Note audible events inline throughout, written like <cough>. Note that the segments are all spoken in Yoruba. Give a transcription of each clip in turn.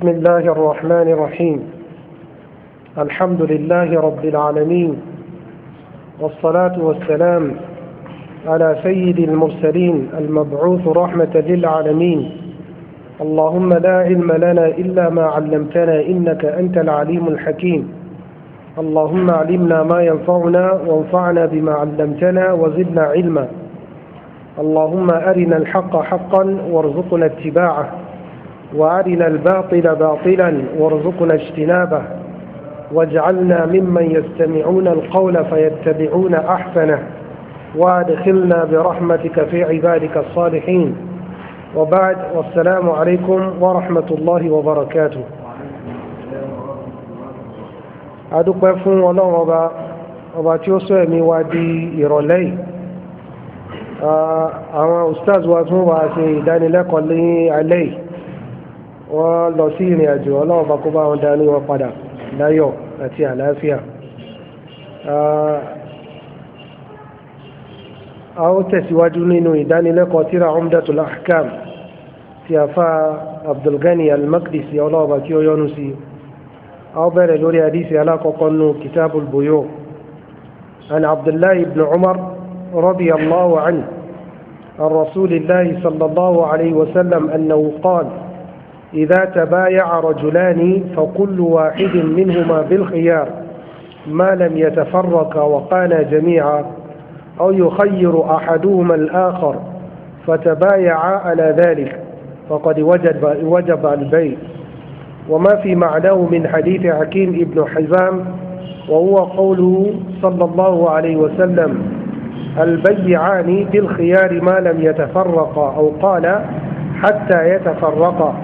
بسم الله الرحمن الرحيم الحمد لله رب العالمين والصلاة والسلام على سيد المرسلين المبعوث رحمة للعالمين اللهم لا علم لنا إلا ما علمتنا إنك أنت العليم الحكيم اللهم علمنا ما ينفعنا وانفعنا بما علمتنا وزدنا علما اللهم أرنا الحق حقا وارزقنا اتباعه وارنا الباطل باطلا وارزقنا اجتنابه واجعلنا ممن يستمعون القول فيتبعون احسنه وادخلنا برحمتك في عبادك الصالحين وبعد والسلام عليكم ورحمه الله وبركاته adúpẹ́ fún ọlọ́run ọba ọba tí ó sọ ẹ̀mí wa di ìrọ̀lẹ́ yìí àwọn ustaz wa tún wá ṣe ìdánilẹ́kọ̀ọ́ alẹ́ yìí wọ́n lọ sí ìrìn àjò ọlọ́run bá kó bá wọn dání wọn padà láyọ̀ àti àlàáfíà. a ó tẹ̀síwájú nínú ìdánilẹ́kọ̀ọ́ tíra umdatul ahkam ti afa abdulgani al-maqdisi ọlọ́run bá kí ó yọ́nú sí i a ó bẹ̀rẹ̀ lórí àdísì alákọ̀ọ́kọ́ nù kitabu buyo an abdullahi ibn umar rabi allahu anhu عنه عن رسول الله صلى الله عليه وسلم أنه قال إذا تبايع رجلان فكل واحد منهما بالخيار ما لم يتفرقا وقانا جميعا أو يخير أحدهما الآخر فتبايعا على ذلك فقد وجب, وجب البيع وما في معناه من حديث حكيم ابن حزام وهو قوله صلى الله عليه وسلم البيعان بالخيار ما لم يتفرقا أو قال حتى يتفرقا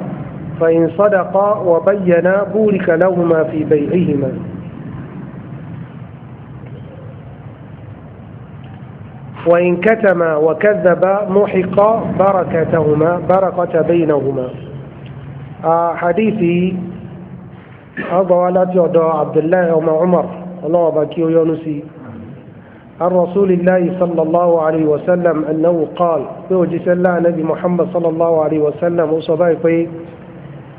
فإن صدقا وبينا بورك لهما في بيعهما وإن كتما وكذبا محقا بركتهما بركة بينهما حديثي أضوالة عبد الله وما عمر الله باكي يونسي عن رسول الله صلى الله عليه وسلم أنه قال بوجه الله نبي محمد صلى الله عليه وسلم وصبايقه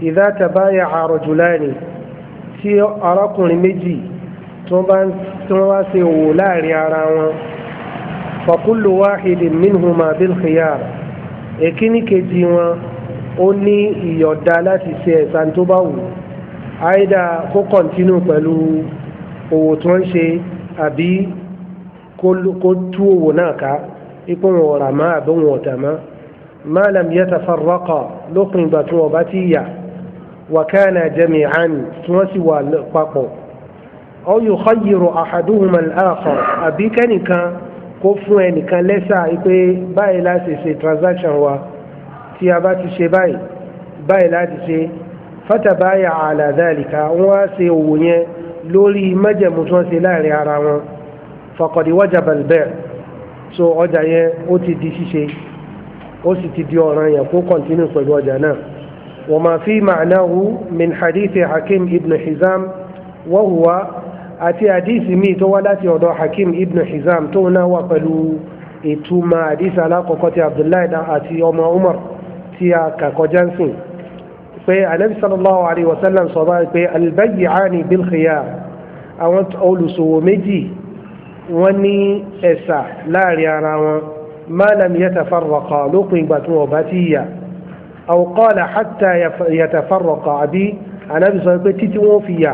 إذا تبايع rajulani تي arákùnrin لمجي، tí wọ́n bá ṣe فكل واحد ara بالخيار، fa kullu wahidin minhuma bil khiyar èkíní kejì wọn ó ní ìyọ̀dá láti ṣe ẹ̀san tó bá wù àìdá kó kọ̀ntínú pẹ̀lú òwò tí wọ́n ń ṣe àbí kó tú òwò náà ká ipò wọn ọ̀rà má àbí wọn ọ̀tà má má lam yatafarraqa lópin ìgbà tí wọn bá ti yà. وكان جميعا سوسوا لقاقو أو يخير أحدهما الآخر أبي كان kó fún ẹnìkan lẹ́sà pé báyìí láti ṣe transaction wa tí a bá ti ṣe báyìí báyìí láti ṣe fatabaya ala dhalika wọ́n á ṣe òwò yẹn lórí májẹ̀mú tí wọ́n ṣe láàrin ara wọn faqad wajaba al-bay' so ọjà yẹn ó ti di ṣíṣe ó sì ti di ọ̀ràn yẹn kó continue pẹ̀lú ọjà náà. وما في معناه من حديث حكيم ابن حزام وهو أتي حديث ميت ولا يوضع حكيم ابن حزام تونا وقلوا إتوما حديث على قوة عبد الله أتي يوم عمر تيا كاكوجانسين في النبي صلى الله عليه وسلم صباح في البيعان بالخيار أو أولو سو وني إسا لا ريانا ما لم يتفرقا لقم باتوا باتيا aw qala hatta yatafarraqa àbí ànábì sọ pé títí wọ́n fi yà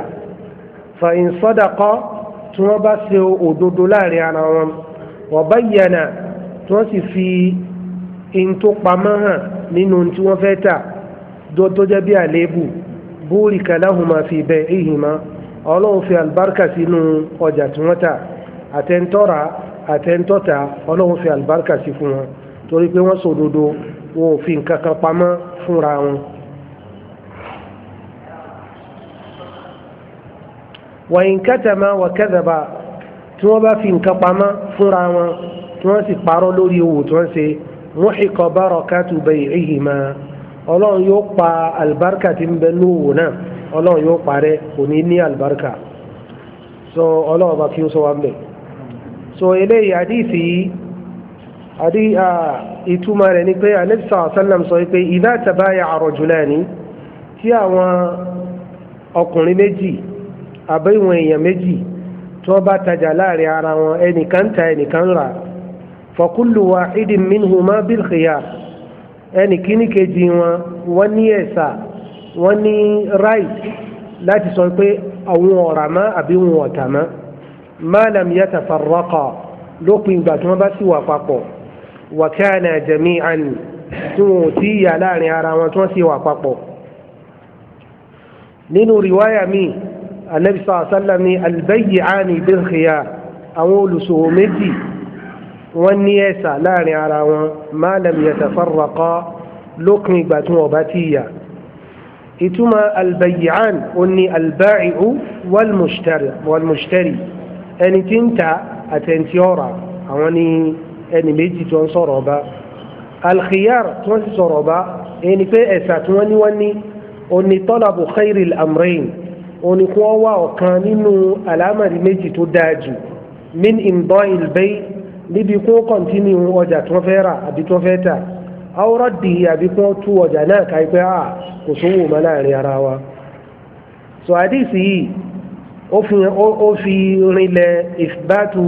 fa in sadaqa tí wọ́n bá ṣe òdodo láàrin ara wọn wa bayyana tí wọ́n sì fi in tó pamọ́ hàn nínú tí wọ́n fẹ́ tà tó jẹ́ bí àléébù búrìkà láhùnmá fi bẹ ìhìnmá ọlọ́run fi àlùbáríkà sínú ọjà tí wọ́n tà àtẹ̀ntọ́ra àtẹ̀ntọ́ta ọlọ́run fi àlùbáríkà sí fún wọn torí pé wọ́n sòdodo wọn ò fi nǹkan kan pamọ́ fúnra wọn. wàyìn kẹtàmá wà kẹtàbà tí wọ́n bá fi nǹkan pamọ́ fúnra wọn tí wọ́n sì parọ́ lórí owó tí wọ́n ṣe muhiqa barakatu bay'ihima ọlọ́run yóò pa alibarika tí ń bẹ lówó náà ọlọ́run yóò parẹ́ kò ní ní alibarika ọlọ́run bá kí ó sọ wá ń bẹ̀ so eléyìí àdìsí yìí àdí ìtumọ̀ rẹ̀ ni pé anabi sallallahu alayhi wa sallam sọ pé idha tabaya'a rajulani tí àwọn ọkùnrin méjì àbẹ̀wọ̀n èèyàn méjì tí wọ́n bá tajà láàrin ara wọn ẹnìkan ta ẹnìkan rà fa kullu wahidin minhuma bil khiyar ẹnì kíní kejì wọn wọ́n ní ẹ̀sà wọ́n ní right láti sọ pé àwọn ọ̀rà mọ́ àbí wọn ọ̀tà mọ́ ma lam yatafarraqa lópin ìgbà tí wọ́n bá sì wà papọ̀ wàkẹ́ẹ̀nà jẹ̀mí àní tí wọn ò tí ì yà láàrin ara wọn tí wọ́n sì wà papọ̀. nínú rìwáyà mi anabi sọ àṣálà ní albayi àní bilkiya àwọn olùṣòwò méjì wọ́n ní ẹ̀sà láàrin ara wọn malam yatafarraqa lókun ìgbà tí wọn ò bá tí ì ìtumọ̀ albayi àní ó ní alba'i'u wal mushtari ẹni tí ń ta àtẹ̀ntì ọ̀rà àwọn ní ẹni méjì tí wọ́n sọ̀rọ̀ ọba alkhiyar tí wọ́n sì sọ̀rọ̀ ọba ẹni pé ẹ̀sà tí wọ́n ní wọ́n ní oni tọ́làbù khairil amrain oni kí wọ́n wá ọ̀kan nínú alámàrí méjì tó dáa jù min imdọ́ ilbẹ́ níbi kó kọ́ntínú ọjà tí wọ́n fẹ́ rà àbí tí wọ́n fẹ́ tà awọ́rọ́ di àbí kí tú ọjà náà ká pé a ah, kò sówó mọ́ láàrin ara wa. sọ àdìsí yìí ó fi rinlẹ̀ ìfibátu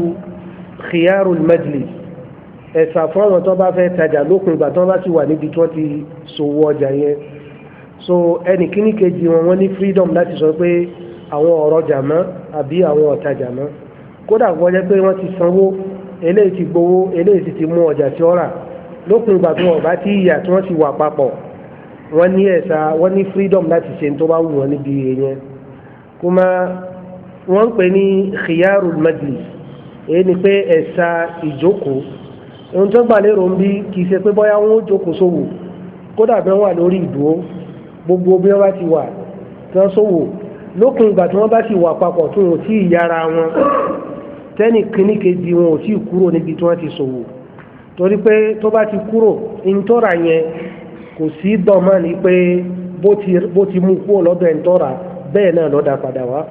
khiyarul majlis ẹ̀sà fáwọn tó bá fẹ́ tajà lópin ìgbà tó bá ti wà níbi tí wọ́n ti ṣòwò ọjà yẹn so ẹnì kíní kejì wọn wọ́n ní freedom láti sọ pé àwọn ọ̀rọ̀ jàmọ́ àbí àwọn ọ̀tá jàmọ́ kódà wọ́n jẹ́ pé wọ́n ti sanwó eléyìí ti gbowó eléyìí ti ti mú ọjà tí ó rà lópin ìgbà tí wọ́n bá ti yà tí wọ́n ti wà papọ̀ wọ́n ní ẹ̀sà wọ́n ní freedom láti ṣe tó bá wù wọ́n níbi yẹn kuma wọ́n ń pè ní khiyarul majlis èyí ni pé ẹ̀sà ìjókòó ohun tó gbà lérò ń bí kì í ṣe pé bóyá wọn ó jókòó sówò kódà bí wọn wà lórí ìdúró gbogbo bí wọn bá ti wà tí wọn sówò lókun ìgbà tí wọn bá sì wà papọ̀ tí wọn ò tí ì yára wọn tẹ́nì kínní wọn ò tí ì kúrò níbi tí wọ́n ti sòwò torí pé tó bá ti kúrò ntọ́ra yẹn kò sí dọ́mọ́ ni pé bó ti mú kúrò lọ́dọ̀ ntọ́ra bẹ́ẹ̀ náà lọ́dà padà wá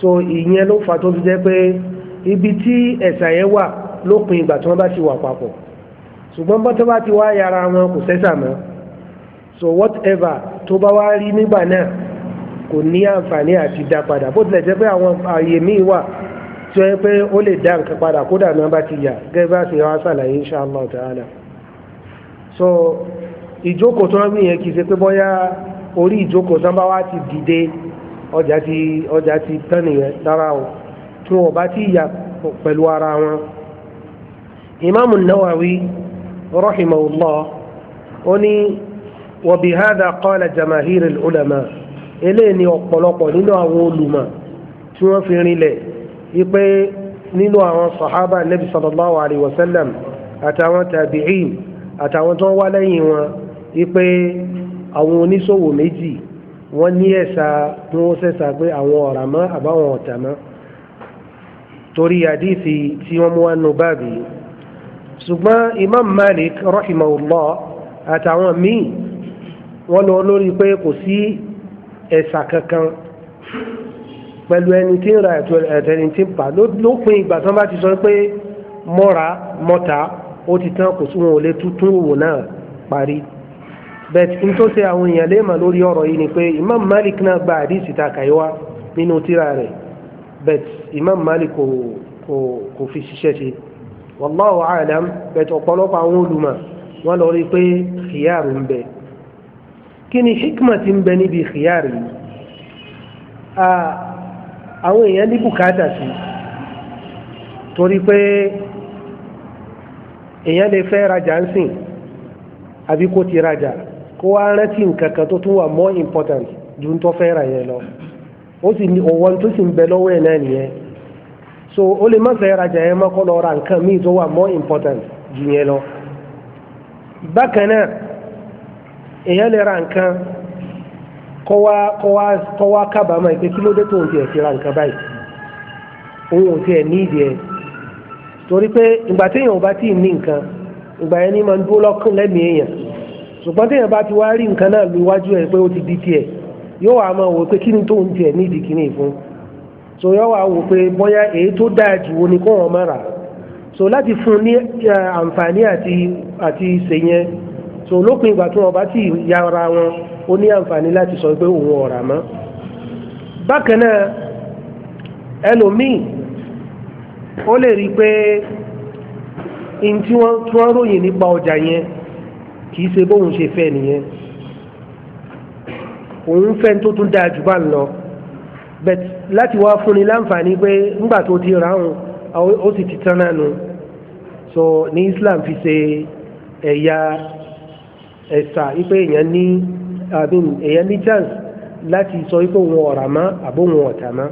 so ìyẹn ló fà tó fi jẹ́ pé ibi tí ẹ̀sà yẹn wà lópin ìgbà tí wọ́n bá ti wà papọ̀ ṣùgbọ́n bọ́ tó bá ti wá yàrá wọn kò sẹ́sà mọ́ so whatever tó bá wá rí nígbà náà kò ní àǹfààní àti dá padà bó tilẹ̀ jẹ́ pé àwọn ààyè míì wà tí ó yẹ pé ó lè dá nǹkan padà kódà náà bá ti yà gẹ́gẹ́ bá ṣe wá ṣàlàyé insha Allah ta'ala so ìjókòó tó ń gbìn yẹn kì í ṣe pé bọ́yá orí ìjókòó tán bá wá ti dìde ọjà ti ọjà ti tán nìyẹn dára o tí wọn bá ti yà pẹ̀lú ara wọn إمام النووي رحمه الله أني وبهذا قال جماهير العلماء إليني أقلق لنا أولما ثم في رلي يبقى nínú àwọn sàhábà nabi sallallahu alayhi wa sallam àtàwọn tàbíìn àtàwọn tó ń wá lẹ́yìn wọn wípé àwọn oníṣòwò méjì wọ́n ní ẹ̀sà tí wọ́n sẹ́sà pé àwọn ọ̀rà mọ́ àbáwọn ọ̀tà mọ́ torí àdìsí tí wọ́n mú wá nù báàbí yìí ṣùgbọ́n imam malik rahimahullah àtàwọn míì wọ́n lọ lórí pé kò sí ẹ̀sà kankan pẹ̀lú ẹni tí ń ra ẹ̀tọ́ ẹ̀tẹ́ni tí ń pa lópin ìgbà tí wọ́n bá ti sọ pé mọ́ra mọ́ta ó ti tán kò sí wọn tuntun òwò náà parí bẹ́ẹ̀ tí n tó ṣe àwọn èèyàn léèmọ̀ lórí ọ̀rọ̀ yìí ni pé imam malik náà gba àdìsí ta kàyíwá nínú tírà rẹ̀ bẹ́ẹ̀ imam malik kò fi ṣiṣẹ́ ṣe wallahu a'lam bẹ̀tẹ̀ ọ̀pọ̀lọpọ̀ àwọn olùmọ̀ wọ́n lọ rí i pé khiyar ń bẹ kí ni hikma ti ń bẹ níbi khiyar yìí àwọn èèyàn ní bùkátà sí torí pé èèyàn lè fẹ́ rajà ń sìn àbí kó ti rajà kó wá rántí nǹkan kan tó tún wà more important ju ń tó fẹ́ ra yẹn lọ ó sì ní òwò tó sì ń bẹ lọ́wọ́ ẹ̀ náà nìyẹn so o lè má fẹ́ rajà yẹn má kọ́ lọ ra nǹkan míì tó wà more important jù yẹn lọ bákan náà èèyàn lè ra nǹkan kọ́ wá kọ́ wá kọ́ wá kábàámọ̀ ìpè kí ló dé tó ń tiẹ̀ fi ra nǹkan báyìí òun ò tiẹ̀ ní ìdí ẹ̀ torí pé ìgbà téèyàn ò bá tí ì ní nǹkan ìgbà yẹn ni máa ń dúró lọ́kàn lẹ́mìí èèyàn ṣùgbọ́n téèyàn bá ti wá rí nǹkan náà lu iwájú ẹ̀ pé ó ti di tiẹ̀ yóò wá máa wò pé kí ni tó ń tiẹ̀ ní ìdí kíní fún un so yọ wá wò pé bóyá èyí tó dáa jù wo ni kó wọn mọ́ra so láti fún ní àǹfààní àti àti ìṣèyẹn so lópin ìgbà tí wọn bá ti yára wọn ó ní àǹfààní láti sọ pé òun ọ̀rà mọ́ bákan náà ẹlòmíì ó lè rí i pé n tí wọ́n ròyìn nípa ọjà yẹn kì í ṣe bóun ṣe fẹ́ nìyẹn òun fẹ́ tó tún dáa jù bá ń lọ bẹ̀t láti wá fúnni láǹfààní pé ńgbà tó ti rà ń ó sì ti tán náà nù so ní Islam fi ṣe ẹ̀yà ẹ̀sà wípé èèyàn ní èèyàn ní chance láti sọ wípé òun ọ̀rà mọ́ àbóhun ọ̀tà mọ́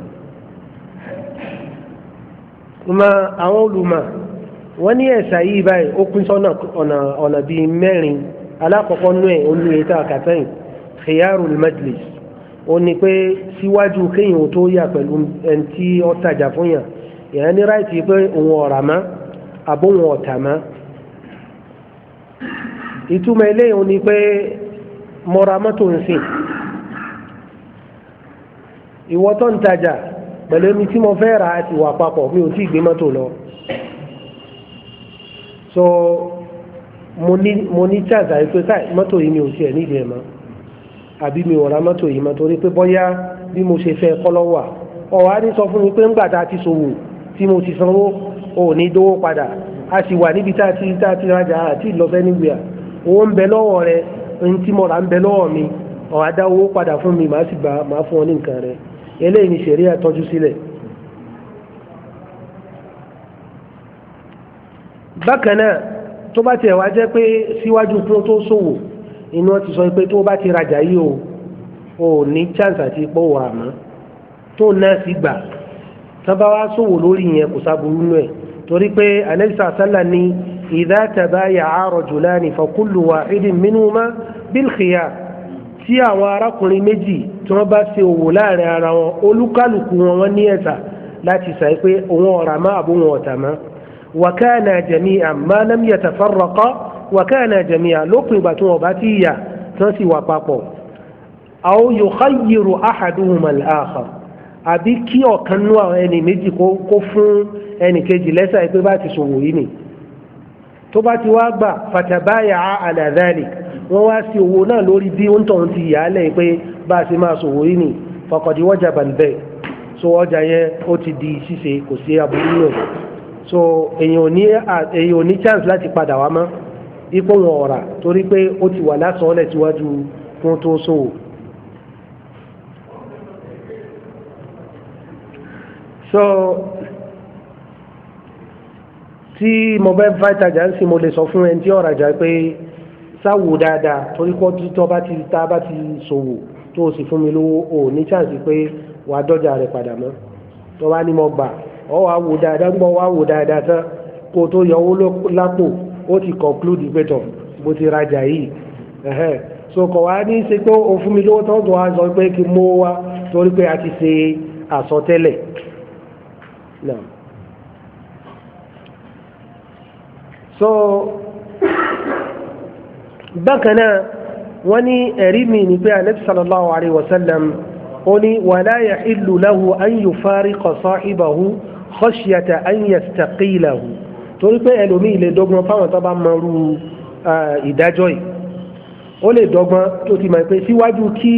kuma àwọn olùmọ̀ wọ́n ní ẹ̀sà yìí báyìí ó pín sọ́nà ọ̀nà ọ̀nà bíi mẹ́rin alákọ̀ọ́kọ́ nú ẹ̀ ó ní ètò àkàtẹ́yìn khiyarul majlis ó ní pé síwájú kéèyàn tó yà pẹ̀lú ẹni tí ó tajà fún yàn èèyàn ní ráìtì pé òun ọ̀rà mọ́ àbóhun ọ̀tà mọ́ ìtumọ̀ eléyìí ó ní pé mọ́ra mọ́tò ń sìn ìwọ tó ń tajà pẹ̀lú ẹni tí mo fẹ́ ra àti wà papọ̀ mi ò tí gbé mọ́tò lọ so mo ní mo ní chance àìpé káì mọ́tò yìí mi ò tiẹ̀ nídìí ẹ̀ mọ́ àbí mi ò ra mọ́tò yìí mọ́ torí pé bọ́yá bí mo ṣe fẹ́ kọ́ lọ́wọ́ à ọ̀wá ní sọ fún mi pé ńgbà tá a ti ṣòwò tí mo ti sanwó ò ní dówó padà a sì wà níbi tá a ti tá a ti rajà àti ìlọsẹ́ níwì à owó ń bẹ lọ́wọ́ rẹ ohun tí mo rà ń bẹ lọ́wọ́ mi ọ̀wá dá owó padà fún mi màá sì gbà màá fún ọ ní nǹkan rẹ eléyìí ni ṣẹ̀ríà tọ́jú sílẹ̀. bákan náà tó bá tiẹ̀ wá jẹ́ pé síwájú tó tó ṣòwò inú ọ ti sọ pé tó o bá ti rajà yìí o ò ní chance àti pọ̀ wà mọ́ tó náà sì gbà tọ́ba wa sòwò lórí yẹn kò sábúrú nù ẹ̀ torí pé anẹ́sà sálà ni ìdá tàbáyà rajulani fakulu wahidin minuma bilkhiyar tí àwọn arákùnrin méjì tí wọ́n bá ṣe òwò láàrin ara wọn olúkálùkù wọn wọ́n ní ẹ̀sà láti sàí pé òun ọ̀rà má àbúwọn ọ̀tà má wàkánà jami'an ma wàkàna jẹ̀míà lópin ìgbà tí wọn bá ti yà tán sì wà papọ̀ àwọn yukhayyiru ahaduhuma al-akhar àbí kí ọ̀kan nú àwọn ẹni méjì kó fún ẹnì kejì lẹ́sà pé bá ti ṣòwò yìí nì tó bá ti wá gbà fatabaya ala dhalik wá sí owó náà lórí bí ó ń tọ̀hún ti yà á lẹ̀ pé bá a ṣe máa ṣòwò yìí nì faqadi wajaba so ọjà yẹn ó ti di ṣíṣe kò sí aburú náà so èyàn ò ní chance láti padà wá mọ́ ipò wọn ọ̀rà torí pé ó ti wà lásán ọ̀lẹ̀ síwájú fún tó sòwò. so tí mo bá ń fàìtajà ń sìn mo lè sọ fún ẹni tí ọ̀rajà pé sáwò dáadáa torí pé títọ́ bá ti ta bá ti sòwò tó o sì fún mi lówó o ní chance pé wàá dọ́jà rẹ̀ padà mọ́ tó bá ní mo gbà ọ wàá wò dáadáa ń bọ̀ wàá wò dáadáa tán kó o tó yọ owó lápò ó ti conclude ìgbẹ́tọ̀ bó ti rajà yìí so kọ̀ wá ní ṣe pé o fún mi lówó tó tó wá sọ pé kí mo wá torí pé a ti ṣe àsọtẹ́lẹ̀ so bákan náà wọ́n ní ẹ̀rí mi ní pé anabi sallallahu alayhi wa sallam ó ní wala yahillu lahu an yufariqa sahibahu khashyata an yastaqilahu torí pé ẹlòmíì lè dọ́gbọ́n fáwọn tó bá mọrú ìdájọ́ yìí ó lè dọ́gbọ́n tó ti mọ̀ pé síwájú kí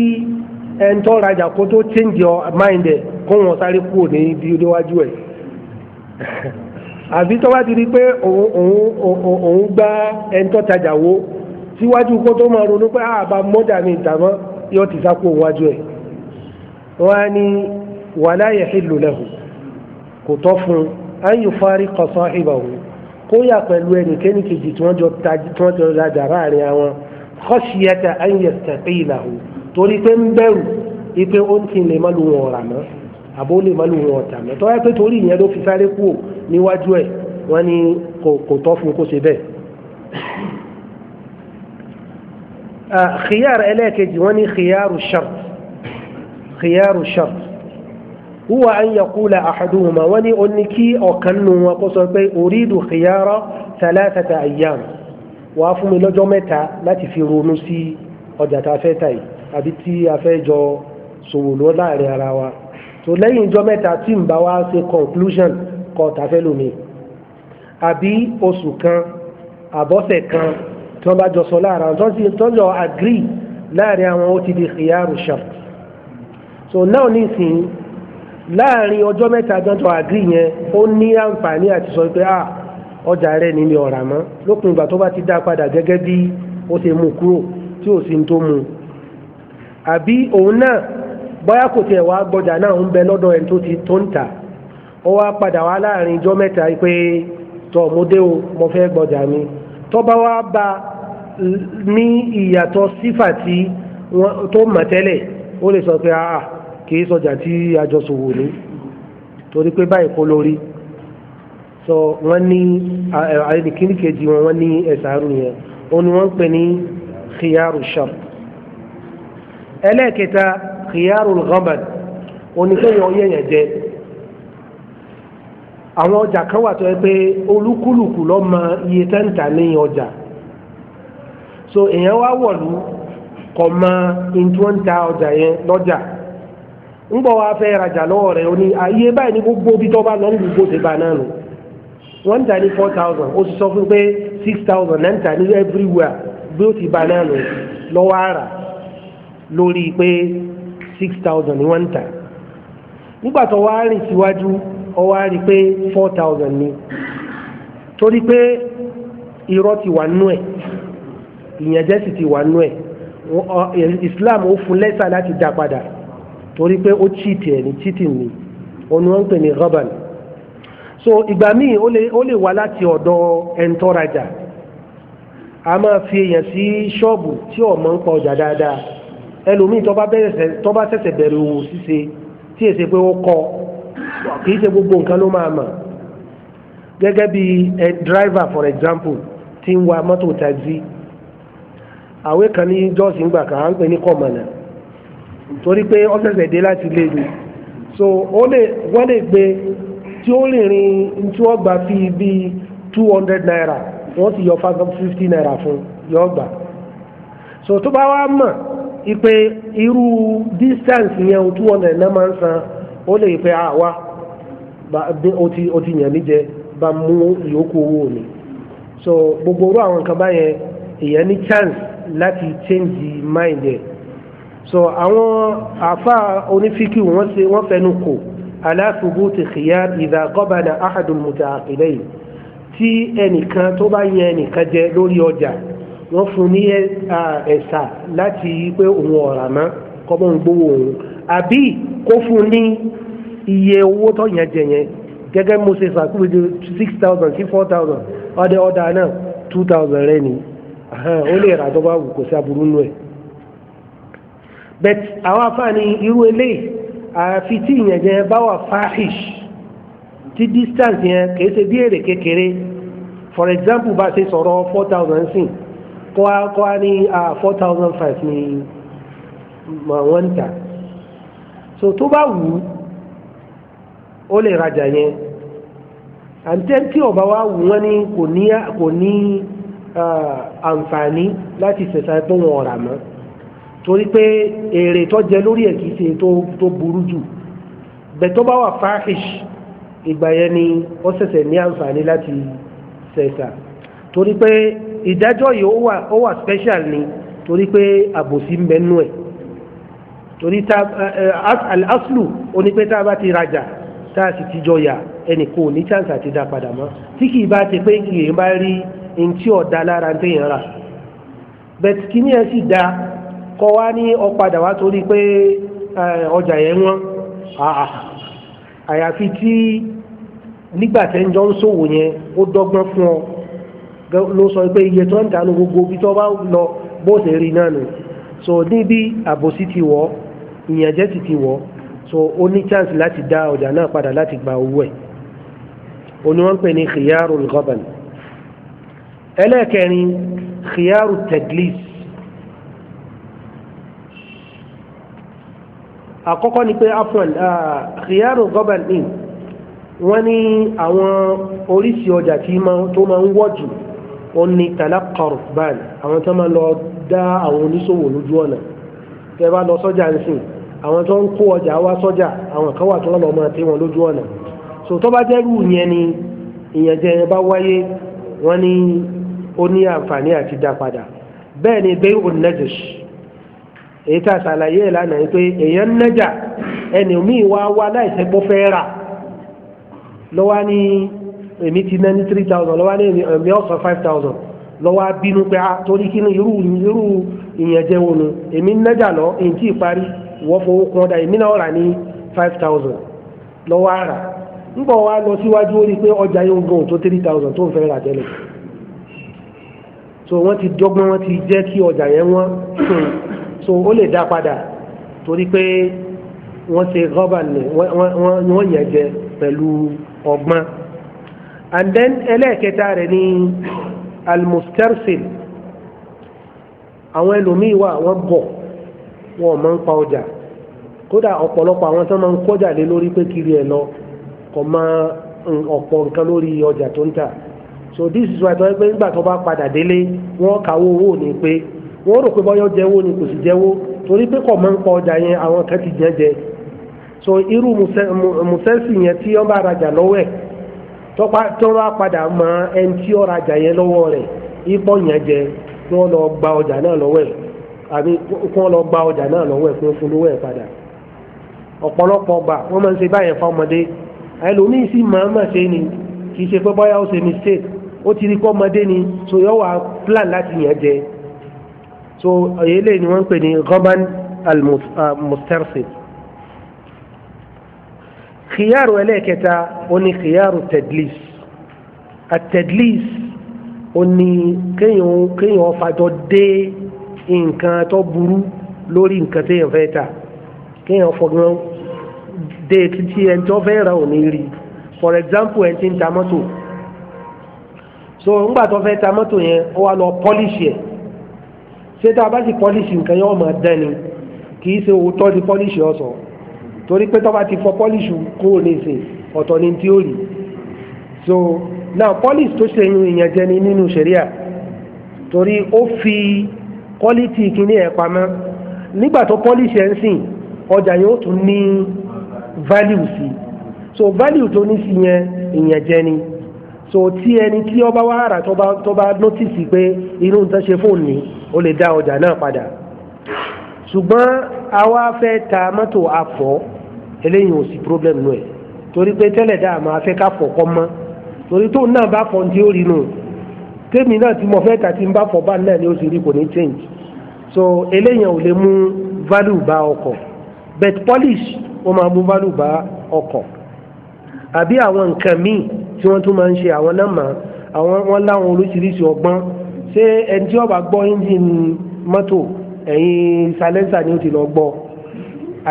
ẹni tó rajà kó tó change your mind ẹ̀ kó wọn sáré kúrò ní ibi níwájú ẹ̀ àbí tó bá ti di pé òun gbá ẹni tó tajà wo síwájú kó tó máa ronú pé àbá mọ́dà mi ìdàmọ́ yóò ti sá kó wájú ẹ̀ wọ́n á ní wàlá yahillu lahu kò tọ́ fún un an yufariqa sahibahu kó yà pẹ̀lú ẹnìkẹ́ni kejì tí wọ́n jọ rajà láàrin àwọn kọ́ṣíyàtà ayẹ̀tẹ̀pé ìlàhù torí pé ń bẹ̀rù ipe ó ti lè má lu wọn ọ̀rà mọ́ àbó lè má lu wọn ọ̀tà mọ́ tọ́wọ́ pé torí ìyẹn ló fi sáré kúrò níwájú ẹ̀ wọ́n ní kò tọ́ fún kó ṣe bẹ́ẹ̀. Ah, khiyar ẹlẹ́ẹ̀kejì wọ́n ní khiyaru shart huwa an yaqula ahaduhuma wọ́n ní o ní kí ọ̀kan nù wọn kó sọ pé uridu khiyara thalathata ayyam wàá fún mi lọ́jọ́ mẹ́ta láti fi ronú sí ọjà tá a fẹ́ tà yìí àbí a fẹ́ jọ ṣòwò lọ ara wa tó lẹ́yìn ìjọ mẹ́ta tí n bá wá ṣe conclusion kọ tàfẹ́ lómi àbí oṣù kan àbọ̀sẹ̀ kan tí wọ́n bá jọ sọ láàrin àwọn tó ń jọ agree láàrin àwọn ó ti di khiyaru shart so now nísìnyí. láàrin ọjọ́ mẹ́ta jọjọ àgírí yẹn ó ní àǹfààní àti sọ pé à ah, ọjà rẹ nílé ọ̀rà mọ́ lópin ìgbà tó bá ti dá padà gẹ́gẹ́ bí ó ṣe mú kúrò tí ò sí tó mú àbí òun náà bóyá kò tiẹ̀ wá gbọ́jà náà ń bẹ lọ́dọ̀ ẹni tó ti tó ń tà ó wá padà wá láàrin ọjọ́ mẹ́ta pé tọ́ mo dé o mo fẹ́ gbọ́jà mi tó bá wá bá ní ìyàtọ̀ sífà tí tó mọ̀ tẹ́lẹ̀ ó lè sọ pé àà ah, ah, kì í sọjà tí àjọṣòwò ní torí pé báyìí kó lórí sọ wọ́n ní ẹnìkíní kejì wọn wọ́n ní ẹ̀sàárù yẹn òun ni wọ́n ń pè ní khiyaru shar ẹlẹ́ẹ̀kẹta khiyaru ghamad òun ni kéèyàn yẹ̀yàn jẹ àwọn ọjà kan wà tó yẹ pé olúkúlùkù ló mọ iye tẹ́ǹtà ní ọjà so èèyàn wá wọ̀lú kọ̀ mọ ìtúwọ́n ta ọjà yẹn lọ́jà. ńgbọ́ wa fẹ́ rajà lọ́wọ́ rẹ̀ ó ní ayé ah, báyìí ní gbogbo bí tó bá lọ ń gbogbo tè bá náà nù wọ́n ta ní four thousand ó sì sọ fún pé six thousand náà ń ta ní everywhere bí ó ti bá náà nù lọ́wọ́ àrà lórí pé six thousand ni wọ́n ń ta nígbà tó wá rìn síwájú ó wá rí pé four thousand ni torí pé irọ́ ti wà nú ẹ̀ ìyànjẹ sì ti wà nú ẹ̀ Islam ó fún lẹ́sà láti dá padà. torí pé ó chìtì ẹ̀ ní chìtì ni òun wọn ń pè ní rọ́bàn so ìgbà míì ó lè wá láti ọ̀dọ̀ ẹ̀ńtọ́rajà a máa fi èèyàn sí ṣọ́ọ̀bù tí ọmọ ń pa ọjà dáadáa ẹlòmíì tó bá ṣẹ̀ṣẹ̀ bẹ̀rẹ̀ òwò ṣíṣe tí èsè pé ó kọ́ kì í ṣe gbogbo nǹkan ló máa mọ̀ gẹ́gẹ́ bí ẹ eh, driver for example tí ń wa mọ́tò taxi àwé kan ní jọ́ọ̀sì ń gbà kan à ń pè ní kọ̀mọ̀nà torí pé ó ṣẹ̀ṣẹ̀ dé láti lé ni so ó lè wọ́n lè gbé tí ó lè rin tí wọ́n gbà fi bíi two hundred naira wọ́n ti yọ five fifty naira fún yọ gbà so tó bá wá mọ̀ ipe irú distance yẹn two hundred náà máa ń san ó lè pe àwa ó ti yàn mí jẹ bá mú ìyókù owó mi so gbogbo orú àwọn nǹkan báyẹn èèyàn ní chance láti change the mind ẹ̀ so àwọn àfa onífíkì wọ́n ṣe wọ́n fẹnu kò aláṣubú ti khiyar ìdá gọ́bàdà ahadul mutaaqilayn tí ẹnìkan tó bá yan ẹnìkan jẹ lórí ọjà wọ́n fún ní ẹ̀sà láti pé òun ọ̀rà mọ́ kọ́mọ́ ń gbowó òun àbí kó fún ní iye owó tó yàn jẹ yẹn gẹ́gẹ́ mo ṣe sàkúrò ju six thousand sí four thousand ọdẹ ọ̀dà náà two thousand rẹ ni ó lè rà tó bá wù kó sí aburú nù ẹ̀ bet àwọn afáàní irú eléyìí àfi tí ìyànjẹ bá wà fahish ti distance yẹn kìí ṣe bí èrè kékeré for example bá ṣe sọ̀rọ̀ four thousand sìn kọ́ a kọ́ a ní four thousand five ní wọ́n so tó bá wù ú ó lè rajà yẹn àǹtẹ́ tí ọba wa wù wọ́n ní kò ní àǹfààní láti ṣẹ̀ṣà tó wọn ọ̀rà mọ́ torí pé èrè tó jẹ lórí ẹ̀ kìí ṣe tó burú jù bẹ́ẹ̀ tó bá wà fahish ìgbà yẹn ni ó ṣẹ̀ṣẹ̀ ní àǹfààní láti ṣẹ̀ṣà torí pé ìdájọ́ yìí ó wà special ni torí pé àbòsí ń bẹ nú ẹ̀ torí tá al-aslu pé tá a bá ti rajà tá a sì ti jọ yà ẹnì kò ní chance àti dá padà mọ́ tí kì í bá ti pé kì í bá rí ntí ọ̀dà lára ń tẹ̀yìn rà bẹ́ẹ̀ kí ni ẹ sì dá kọ wá ní ọpadà wá torí pé ọjà yẹn wọ́n àyàfi tí nígbà tẹ́ ń jọ ń ṣòwò yẹn ó dọ́gbọ́n fún ọ ló sọ pé iye tó ń dànù gbogbo bí tó bá lọ bó ṣe rí náà nù so níbi àbòsí ti wọ̀ ìyànjẹ sì ti wọ̀ so ó ní chance láti dá ọjà náà padà láti gba owó ẹ̀ òní wọ́n ń pè ní khiyaru al ẹlẹ́ẹ̀kẹrin khiyaru tadlis àkọ́kọ́ ni pé afwan ah, khiyaru gọ́bà ní wọ́n ní àwọn oríṣi ọjà tó máa ń wọ́ jù wọ́n ní talakọ̀rù ban àwọn tó máa lọ dá àwọn oníṣòwò lójú ọ̀nà tẹ́ bá lọ sọ́jà ń sìn àwọn tó ń kó ọjà wá sọ́jà àwọn kan wà tó lọ́ máa tẹ́ wọn lójú ọ̀nà so tó bá jẹ́rú yẹn ni ìyànjẹ yẹn bá wáyé wọ́n ní ó ní àǹfààní àti dá padà bẹ́ẹ̀ ni bẹ́ẹ̀ ò nẹ́jẹ̀ṣì èyí tá a ṣàlàyé ẹ̀ lánàá yìí pé èèyàn nájà ẹni mi wá wá láìsẹ́ pọ́ fẹ́ rà lọ́wọ́ ní èmi ti ná ní three thousand lọ́wọ́ ní èmi ọ̀sán five thousand lọ́wọ́ bínú pé a ah, torí kí ni irú irú ìyànjẹ wo nu èmi nájà lọ èyí tí ì parí wọ́n fowó kún ọ́dà èmi náà rà ní five thousand lọ́wọ́ àrà ńgbọ̀ wa lọ síwájú ó rí i pé ọjà yóò gbọ̀n tó three thousand tó ń fẹ́ rà tẹ́lẹ̀ so wọ́n ti dọ́gbọ́n wọ́n ti jẹ́ kí ọjà yẹn wọ́n so ó lè dá padà torí pé wọ́n ṣe rọ́bà ni wọ́n yẹn jẹ pẹ̀lú ọgbọ́n and then ẹlẹ́ẹ̀kẹta rẹ̀ ni almustarsil àwọn ẹlòmíì wà wọ́n bọ̀ wọ́n máa ń pa ọjà kódà ọ̀pọ̀lọpọ̀ àwọn tó máa ń kọjà lé lórí pé kiri ẹ̀ lọ kò máa ọ̀pọ̀ nǹkan lórí ọjà tó ń tà so this is why tó ń pẹ́ nígbà tó bá padà délé wọ́n kàwé owó ní pé wọ́n rò pé bọ́yọ́ jẹ́wó ni kò sì jẹ́wó torí pé kọ̀ máa ń pa ọjà yẹn àwọn kan ti jẹ́ jẹ so irú mùsẹ́sì yẹn tí wọ́n bá rajà lọ́wọ́ ẹ̀ tọ́pá bá padà mọ ẹn tí ó rajà yẹn lọ́wọ́ rẹ̀ ipò yẹn jẹ kí wọ́n lọ gba ọjà náà lọ́wọ́ ẹ̀ àbí kí wọ́n so eléyìí ni wọ́n ń pè ní ghaban al-mustarsil uh, khiyaru ẹlẹ́ẹ̀kẹta ó ní khiyaru tadlis at-tadlis ó ní kéèyàn kéèyàn fàjọ dé nǹkan tó burú lórí nǹkan téèyàn fẹ́ ta kéèyàn fọgbọ́n dé títí ẹni tó fẹ́ ra ò ní for example ẹni tí ń so ńgbà tó fẹ́ ta mọ́tò yẹn ó wá polish yẹn ṣé tá a bá sì pọ́líṣì nǹkan yẹn wọ́n máa dán ni kì í ṣe òótọ́ di pọ́líṣì ọ̀sọ̀ torí pé tó bá ti fọ pọ́líṣì kó o lè ṣe ọ̀tọ̀ ni tí ó rí so now pọ́líṣì tó ṣe ìyẹn jẹ ni nínú ṣẹ̀ríà torí ó fi quality kìíní ẹ̀ pamọ́ nígbà tó pọ́líṣì ẹ̀ ń sìn ọjà yóò tún ní value sí so value tó ní sí yẹn ìyẹn jẹ ni so tí ẹni tí ọba wá rà tó bá nọ́tìsì pé irú nǹkan ṣe fóònù ni ó lè dá ọjà náà padà ṣùgbọ́n àwa fẹ́ ta mọ́tò afọ eléyìí ò sí problem nù ẹ̀ torí pé tẹ́lẹ̀ dáa máa fẹ́ ká fọ̀ kọ́ mọ́ torí tóun náà bá fọ̀ tí ó nù tèmi náà tí mo fẹ́ ta tí n bá fọ̀ bá náà ni ó sì rí kò ní change so eléyìí ò lè mú value bá ọkọ̀ bet polish ó máa mú value bá ọkọ̀ àbí àwọn nǹkan míì tí wọ́n tún máa ń ṣe àwọn náà mà àwọn wọn láwọn oríṣiríṣi ọgbọ́n ṣé ẹni tí ó gbọ́ engine mọ́tò ẹ̀yìn silencer ni ó ti lọ gbọ́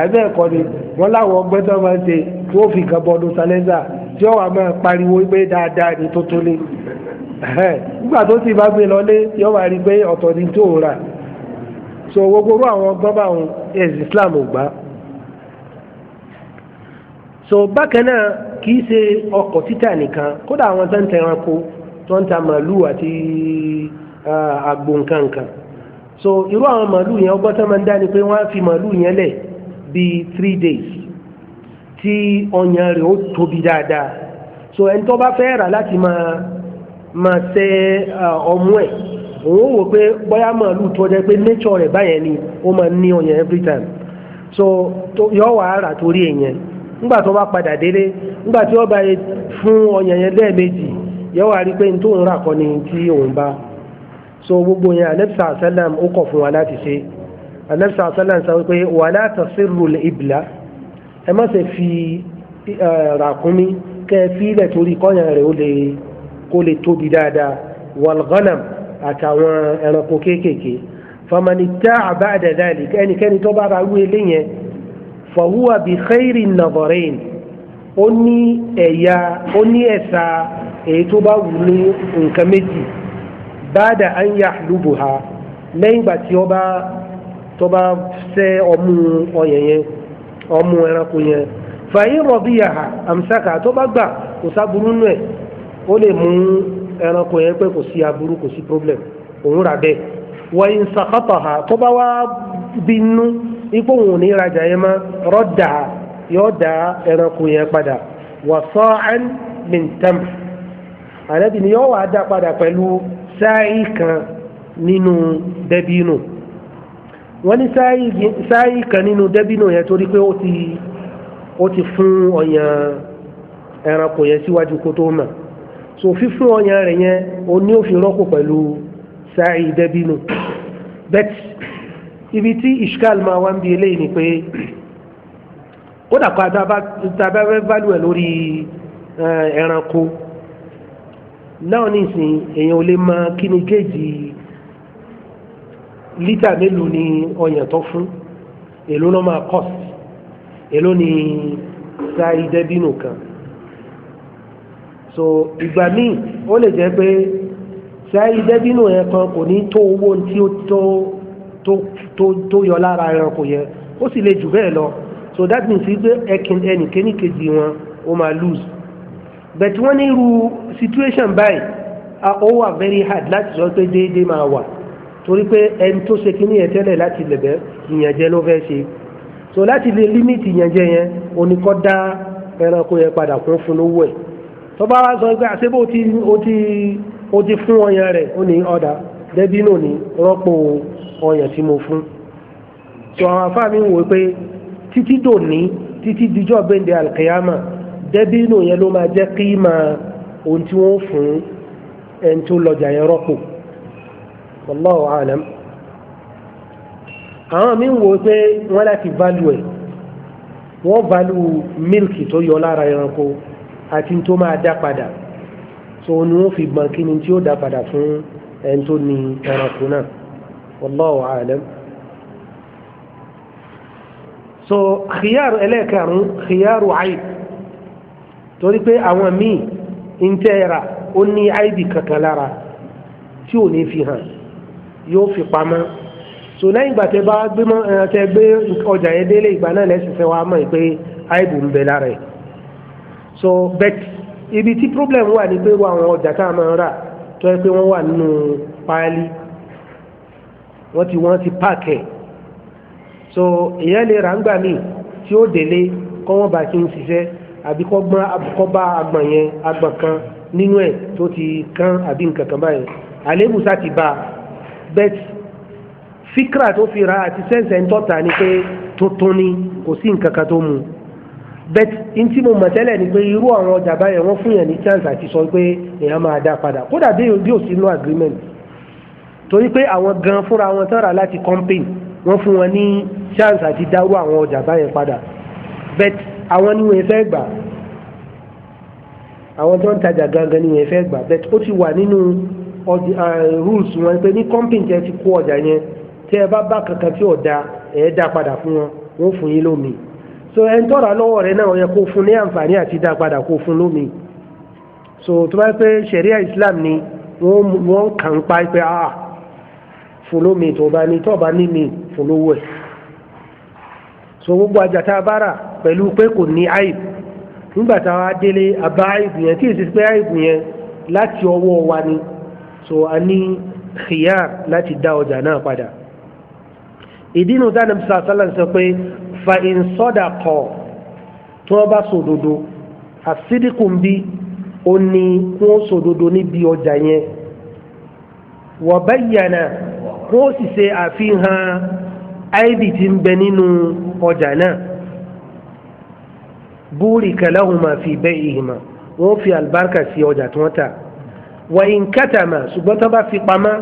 àbí ẹ̀kọ́ ni wọ́n láwọn ọgbẹ́ tí wọ́n máa ń ṣe tí wọ́n fi nǹkan bọ́ọ̀dù silencer tí wọ́n máa pariwo pé dáadáa ni tó tó lé nígbà tó ti bá gbé lọlé yọ wá rí i pé ọ̀tọ̀ ni tó rà so gbogbo àwọn ọgbọ́n báwọn ẹ̀sìn Islam ò gbà á. so bákan náà kì í ṣe ọkọ̀ títà nìkan kódà àwọn tó ń ta ẹranko tó ń ta màálù àti nkankan so irú àwọn màálù yẹn ọgbọ́n tó máa ń dá ni pé wọ́n á fi màálù yẹn lẹ̀ bíi three days tí ọyàn rẹ̀ ó tóbi dáadáa so ẹni tó bá fẹ́ rà láti máa máa ṣe ọmú ẹ̀ òun wò pé bóyá màálù tó jẹ́ pé nature rẹ̀ báyẹn ni ó máa ń ní ọyàn every time so yọ wàá rà torí ńgbà tó bá padà délé ńgbà tí ó bá fún ọyàn yẹn lẹ́ẹ̀mejì yóò wá rí pé n tó ń rà kọ́ ni tí òun bá so gbogbo yẹn anabisa asalam ó kọ̀ fún wa láti ṣe anabisa asalam sọ pé wàhálà tàṣírù ìbìlà ẹ má ṣe fi ràkúnmí kẹ́ ẹ fi ilẹ̀ torí kọ́yàn rẹ̀ kó lè tóbi dáadáa wàlgánàm àtàwọn ẹranko kéékèèké famani àbá àdàdà ẹnikẹ́ni tó bá ra wú eléyẹn fọwúwa bíi xeyiri nàbọ̀rẹ́yìn ó ní ẹ̀yà ó ní ẹ̀sà èyí tó bá wù ní nǹkan méjì báàdà á ń yà lùbù ha lẹ́yìn ìgbà tí ọba tó bá fẹ́ ọmú ọyẹ̀ yẹn ọmú ẹranko yẹn fàyè rọ̀bìyà ha àmsáka tó bá gbà kò sábúrú nù ẹ̀ ó lè mú ẹranko yẹn pé kò sí aburú kò sí problem òun rà bẹ́ẹ̀ wọ́n ń sàkátọ̀ ha tó bá wá bínú ipò òun ní ìrajà yẹn mọ́ rọ́dà ẹranko yẹn padà wà sa'an min àlẹ́bí ni yóò dá padà pẹ̀lú sáàyì kan nínú dẹ́bínú wọ́n ní sáàyì kan nínú dẹ́bínú yẹn torí pé ó ti o ti fún ọyàn ẹranko yẹn síwájú kó tó mà so fífún ọyàn rẹ̀ yẹn o ní òfin rọ́pò pẹ̀lú bẹ́ẹ̀ ibi tí ishkal máa wá ń bi eléyìí ni pé ó dàpọ̀ àtàbẹ́fẹ́ value ẹ̀ lórí ẹranko náà nísìnyí èèyàn ò lè mọ kí ni géèjì lítà mélòó ni ọyàn tó fún èló ló máa cost èló ni sáì dẹ́bínù kan so ìgbà míì ó lè jẹ́ pé sáì dẹ́bínù yẹn kan kò ní tó owó tí ó tó tó yọ lára ẹranko yẹn ó sì le jù bẹ́ẹ̀ lọ so that means wípé ẹkin ẹnìkéní kejì wọn ó máa lose but wọ́n ní irú situation báyìí ó wà very hard láti sọ pé déédéé máa wà torí pé ẹni tó ṣe kíní yẹn tẹ́lẹ̀ láti lẹ̀bẹ̀ ìyànjẹ ló fẹ́ ṣe so láti lè limit ìyànjẹ yẹn oníkọ́ dá ẹranko yẹn padà kún fún lówó ẹ̀ tó bá wá sọ pé àṣebó o ti fún wọn yẹn rẹ̀ ó ní ọ̀dà dẹ́bínò ní rọ́pò ọyàn tí mo fún tí àwọn afá mi wò pé títí dòní títí dijọ́ gbẹ̀ndẹ̀ alkiyama dẹ́bínò yẹn ló máa jẹ́ kí máa ohun tí wọ́n fún ẹni tó lọ́jà yẹn rọ́pò wallahu alam àwọn mi wò pé wọ́n láti value ẹ̀ wọ́n value mílkì tó yọ lára ẹranko àti tó máa dá padà so ni wọ́n fi gbọ̀n kí ni tí ó dá padà fún ẹni tó ní ẹranko náà wallahu a'lam. so khiyaru ẹlẹ́ẹ̀karùn-ún khiyaru aib torí pé àwọn míì ń tẹ́ ẹ ra ó ní aibi kankan lára tí ò ní fi hàn yóò fi pamọ́ so lẹ́yìn ìgbà tẹ bá gbé mọ́ ẹ tẹ gbé ọjà yẹn délé ìgbà náà lẹ́sìn fẹ́ wàá mọ̀ pé aibu ń bẹ lára ẹ̀ so bet ibi tí problem wà ní pé wọ́n àwọn ọjà tá a máa ń rà tó yẹ pé wọ́n wà nínú páálí wọ́n ti wọ́n ti páàkì so èèyàn lè rà ń gbà míì tí ó délé kọ́ wọ́n bá kí n ṣiṣẹ́ àbí kọ́ gbọ́n kọ́ bá agbọ̀n yẹn agbọ̀n kan nínú ẹ̀ tó ti kán àbí nǹkan kan báyẹn àléébù sá ti bá bẹ́ẹ̀ fíkra tó fi ra àti sẹ́ǹsẹ̀ ń tọ́ta ni pé tuntun ni kò sí nǹkan kan tó mu bet in tí mo mọ̀ tẹ́lẹ̀ ni pé irú àwọn ọjà báyẹn wọ́n fún yẹn ní chance àti sọ pé èèyàn máa dá padà kódà bí ò sí no agreement torí pé àwọn gan fúnra wọn tán rà láti campaign wọ́n fún wọn ní chance àti dárú àwọn ọjà báyẹn padà bet àwọn ni wọ́n fẹ́ gbà àwọn tó ń tajà gangan ni wọ́n fẹ́ gbà bet ó ti wà nínú rules wọn pé ní campaign tẹ́ ti kó ọjà yẹn tẹ́ ẹ bá bá kankan tí ò da ẹ̀ dá padà fún wọn wọ́n fún yín lómi so ẹni tọ́ra lọ́wọ́ rẹ̀ náà yẹ kó fún ní àǹfààní àti dá padà kó fún lómi so tó bá pé ṣẹ̀ríà Islam ni wọ́n kàn pa pé ah, ah fún lómi tó bá ní tọ́ba ní mi fún lówó ẹ̀ so gbogbo àjàtà bára pẹ̀lú pé kò ní aib nígbà tá a délé àbá aib yẹn tí èsì pé aib yẹn láti ọwọ́ wa ni so a ní khiyar láti dá ọjà náà padà ìdí nu dáná sàlẹ̀ sọ pé fa ìsọdà kọ tí wọ́n bá sòdodo àsídìkùn bí ó ní kí wọ́n sòdodo níbi ọjà yẹn wọ́n bá yànà kí wọ́n sì ṣe àfihàn áìbì tí ń bẹ nínú ọjà náà búrì kàláhùmà fi bẹ́ẹ̀ ìhìmà wọ́n fi àlùbáríkà sí ọjà tí wọ́n tà wọ́n ń kẹtàmà ṣùgbọ́n tó bá fi pamọ́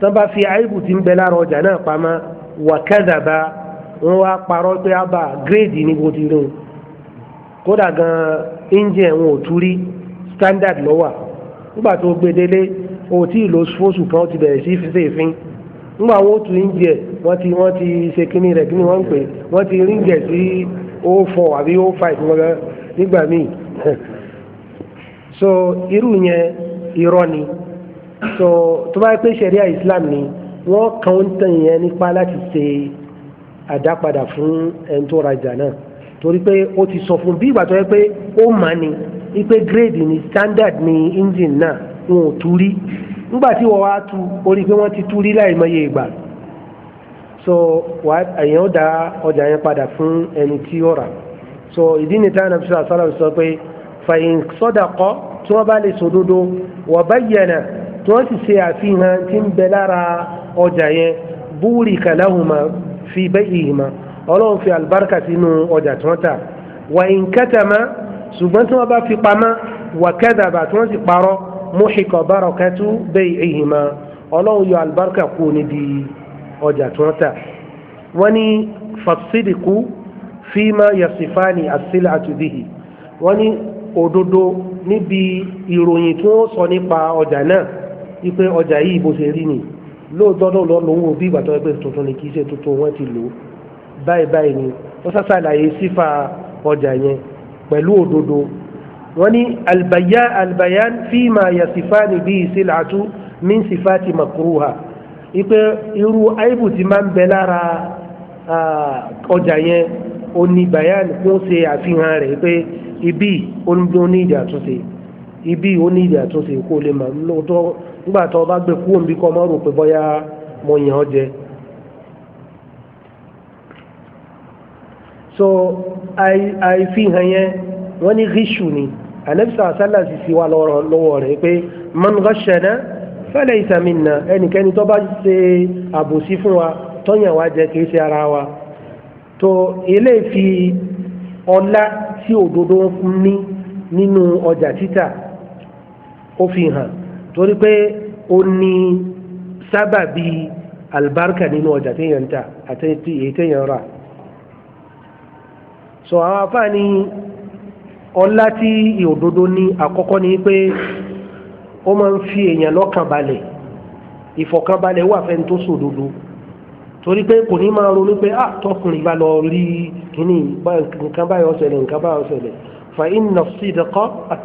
tó bá fi áìbù tí ń bẹ lára ọjà náà pamọ́ wọ́n kẹ́dàbà wọ́n wá parọ́ pé ábà gírèdì ní bó ti rún kódà gan engine ẹ̀wọ̀n ò tú rí standard lọ́wà nígbà tó gbedele o tí ì lo fóṣù kan ó ti bẹ̀rẹ̀ sí ṣèfín nígbà wọn ó tu engine wọ́n ti wọ́n ti ṣe kíní rẹ̀ kíní wọ́n ń pè wọ́n ti ríngẹ̀ sí o four àbí o five nígbà míì <laughs> so irú yẹn irọ́ ni so tó bá yẹ pé Islam ni wọ́n kàn ń tàn yẹn nípa láti ṣe àdápadà fún ẹni tó rajà náà torí pé ó ti sọ fún bí ìgbà tó yẹ pé ó mà ní ipe grade ni standard ni engine náà wọn ò tú rí nígbà tí wọ́n wá tú orí pé wọ́n ti tú rí láì mọye ìgbà so wà èèyàn ó dá ọjà yẹn padà fún ẹni tí ó rà so ìdí ni táwọn ẹbí sọ àṣàlọ sọ pé fàyìn sọdà kọ tí wọ́n bá lè sòdodo wọ báyẹnà tí wọ́n sì ṣe àfihàn tí ń bẹ lára ọjà yẹn búrì kàláhùn máa fi bay'ihima ọlọ́run fi àlùbáríkà sínú ọjà tí wọ́n tà wà in katama ṣùgbọ́n tí wọ́n bá fi pamọ́ wà kadhaba tí wọ́n sì parọ́ muhiqa barakatu bay'ihima ọlọ́run yọ àlùbáríkà kú ní di ọjà tí wọ́n tà wọ́n ní fasidiku fima yasifani as-sil'atu bihi wọ́n ní òdodo níbi ìròyìn tí wọ́n sọ nípa ọjà náà wípé ọjà yìí bó ṣe rí nìyí lóòótọ́ náà lọ lòun ò bí ìgbà tó ẹgbẹ́ tuntun ni kì í ṣe tuntun wọn ti lò báyìí báyìí ni wọ́n sá ṣàlàyé sífà ọjà yẹn pẹ̀lú òdodo wọ́n ní albaya albayan fíìmà yasifa ni bíi sílàtú min sifati makruha ipe irú aibu ti máa ń bẹ lára ọjà yẹn ó ní bayan kó ṣe àfihàn rẹ̀ pé ibi ó ní ìdí àtúnṣe ibi ò ní ìdí àtúnṣe kó lè mà lóòótọ́ nígbà tó o bá gbé kúrò níbi kọ́ ọ pé bóyá mo yàn ọ́ jẹ. so àìfihàn yẹn wọ́n ní ríṣù ni àlẹ́bísà àṣálà sí wa lọ́wọ́ rẹ̀ pé man ghashana falaysa minna ẹnikẹ́ni tó bá ṣe àbòsí fún wa tọ́yàn wa jẹ kìí ṣe ara wa tó ilé fi ọlá tí òdodo ní nínú ọjà títà ó fi hàn torí pé ó ní sábàbí alibarika nínú ọjà téèyàn ń tà àti èyí téèyàn rà so àwọn afáàní ọlá tí ìòdodo ní àkọ́kọ́ ni pé ó máa ń fi èèyàn lọ́kàn balẹ̀ ìfọ̀kànbalẹ̀ wà fẹ́ni tó sòdodo torí pé kò ní máa ronú pé ah tọkùnrin bá lọ rí kíní nǹkan báyọ̀ ṣẹlẹ̀ nǹkan báyọ̀ ṣẹlẹ̀ fa inna as-sidqa at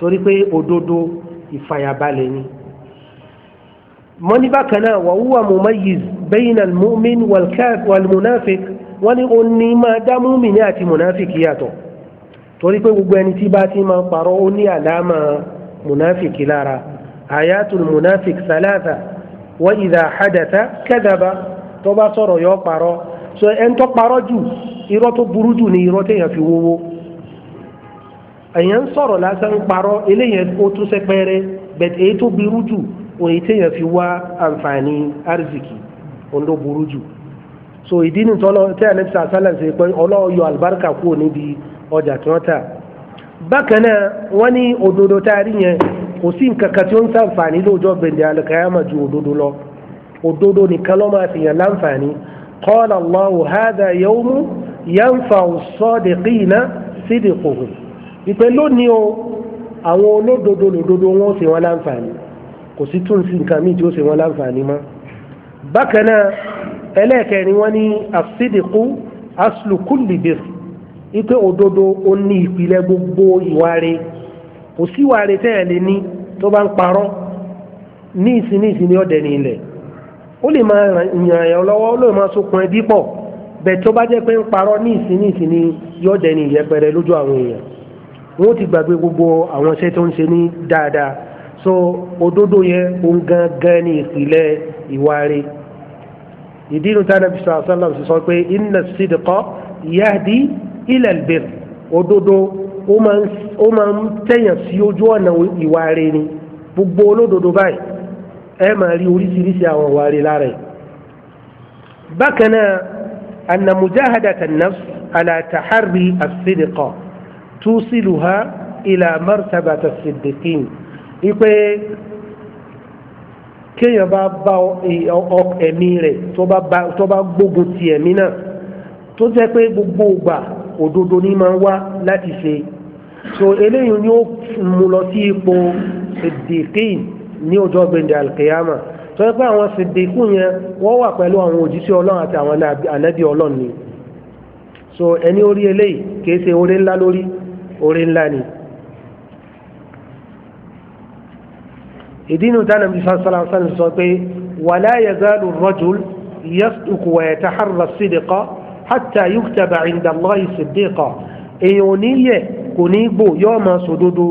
torí pé òdodo ìfàyàbalẹ̀ ni mọ́ni bákan náà wà wúwà mumayyiz bayna al-mu'min wal-munafiq wọ́n ní ó ní máa dá mùmíní àti munafik yàtọ̀ torí pé gbogbo ẹni tí bá ti máa parọ́ ó ní àlámà munafik lára ayatul munafik salata wa idha hadatha kadhaba tó bá sọ̀rọ̀ yọ parọ́ so ẹni tó parọ́ jù irọ́ tó burú jù ni irọ́ téèyàn fi wówó èèyàn ń sọ̀rọ̀ lásán ń parọ́ eléyẹn ó tún sẹ́pẹ́rẹ́ bẹ̀tẹ̀ èyí tó burú jù òye téèyàn fi wá àǹfààní arzikì òun ló burú jù so ìdí ni tọ́lọ tí a nẹ́bí sàṣálà ṣe pé ọlọ́ọ̀yọ àlùbáríkà kúrò níbi ọjà tí wọ́n tà bákan náà wọ́n ní òdodo tá a rí yẹn kò sí nǹkan kan tí ó ń sàǹfààní lóòjọ́ bẹ̀ndẹ̀ alùkàyàmà ju òdodo lọ òdodo nìkan ló ìpè lónìí o àwọn olódodo lòdodo wọn ó ṣe wọn láǹfààní kò sí tún sí nǹkan míì tí ó ṣe wọn láǹfààní mọ́ bákan náà ẹlẹ́ẹ̀kẹrin wọn ní àṣìdìkú aṣlùkùlìbìr ìpè òdodo ó ní ìpìlẹ̀ gbogbo ìwáre kò sí ìwáre tẹ́ ẹ̀ lé ní tó bá ń parọ́ ní ìsinmi ìsinmi ọ̀dẹ̀ ní ilẹ̀ ó lè máa yàn ẹ̀ lọ́wọ́ ó lè máa sokùn ẹbí pọ̀ bẹ́ẹ̀ tó bá jẹ́ pé ń parọ́ ní ìsinmi ìsinmi yọ̀dẹ̀ ní ìyẹpẹrẹ lójú àwọn èèyàn wọ́n ti gbàgbé gbogbo àwọn iṣẹ́ tó ń ṣe ní dáadáa so òdodo yẹn òun gangan ní ìpìlẹ̀ ìwárí ìdí inú tánà bisu asalam sọ pé inna sidqa yahdi ila albir òdodo ó máa ń tẹ̀yàn sí ojú ọ̀nà ìwárí ni gbogbo olódodo báyìí ẹ máa rí oríṣiríṣi àwọn ìwárí lára ẹ̀ bákan náà anna mujahadatan nafs ala tahari as túsìlùhà ìlà mọ́tàbàtà sìdìkìn ipe kéèyàn bá bá ẹ̀mí rẹ̀ tó bá gbógun ti ẹ̀mí náà tó jẹ́ pé gbogbo ìgbà òdodo ní máa ń wá láti ṣe so eléyìí ni ó mú lọ sí ipò sìdìkìn ní ọjọ́ gbẹ̀ndẹ̀ alkiyama tó yẹ pé àwọn sìdìkù yẹn wọ́n wà pẹ̀lú àwọn òjíṣẹ́ ọlọ́run àti àwọn ànábì ọlọ́run ni so ẹni orí eléyìí kìí ṣe oore ńlá lórí orí ńlá ni. ìdí inú dáná bí sàlám sàlám sọ pé wàlá yazalu rajul yasduqu wa yataharra as-sidqa hatta yuktaba inda Allahi siddiqa èèyàn ò ní yẹ̀ kò ní gbò yóò máa sòdodo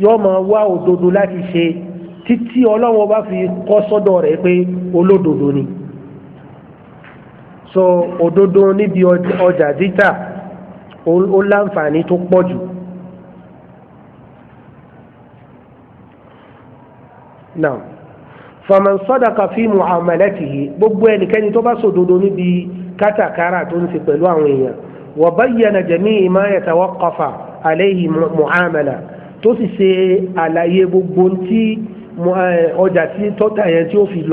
yóò máa wá òdodo láti ṣe títí ọlọ́run bá fi kọ́ sọ́dọ̀ rẹ̀ pé olódodo ni so òdodo níbi ọjà títà ó láǹfààní tó pọ̀ jù náà faman sadaqa fi mu'amalatihi gbogbo ẹnikẹ́ni tó bá sòdodo níbi kátàkárà tó ń ṣe pẹ̀lú àwọn èèyàn wa bayyana jami'i ma yatawaqqafa alayhi mu'amala tó sì ṣe àlàyé gbogbo ọjà tí tọ́ta yẹn tí ó fi lọ.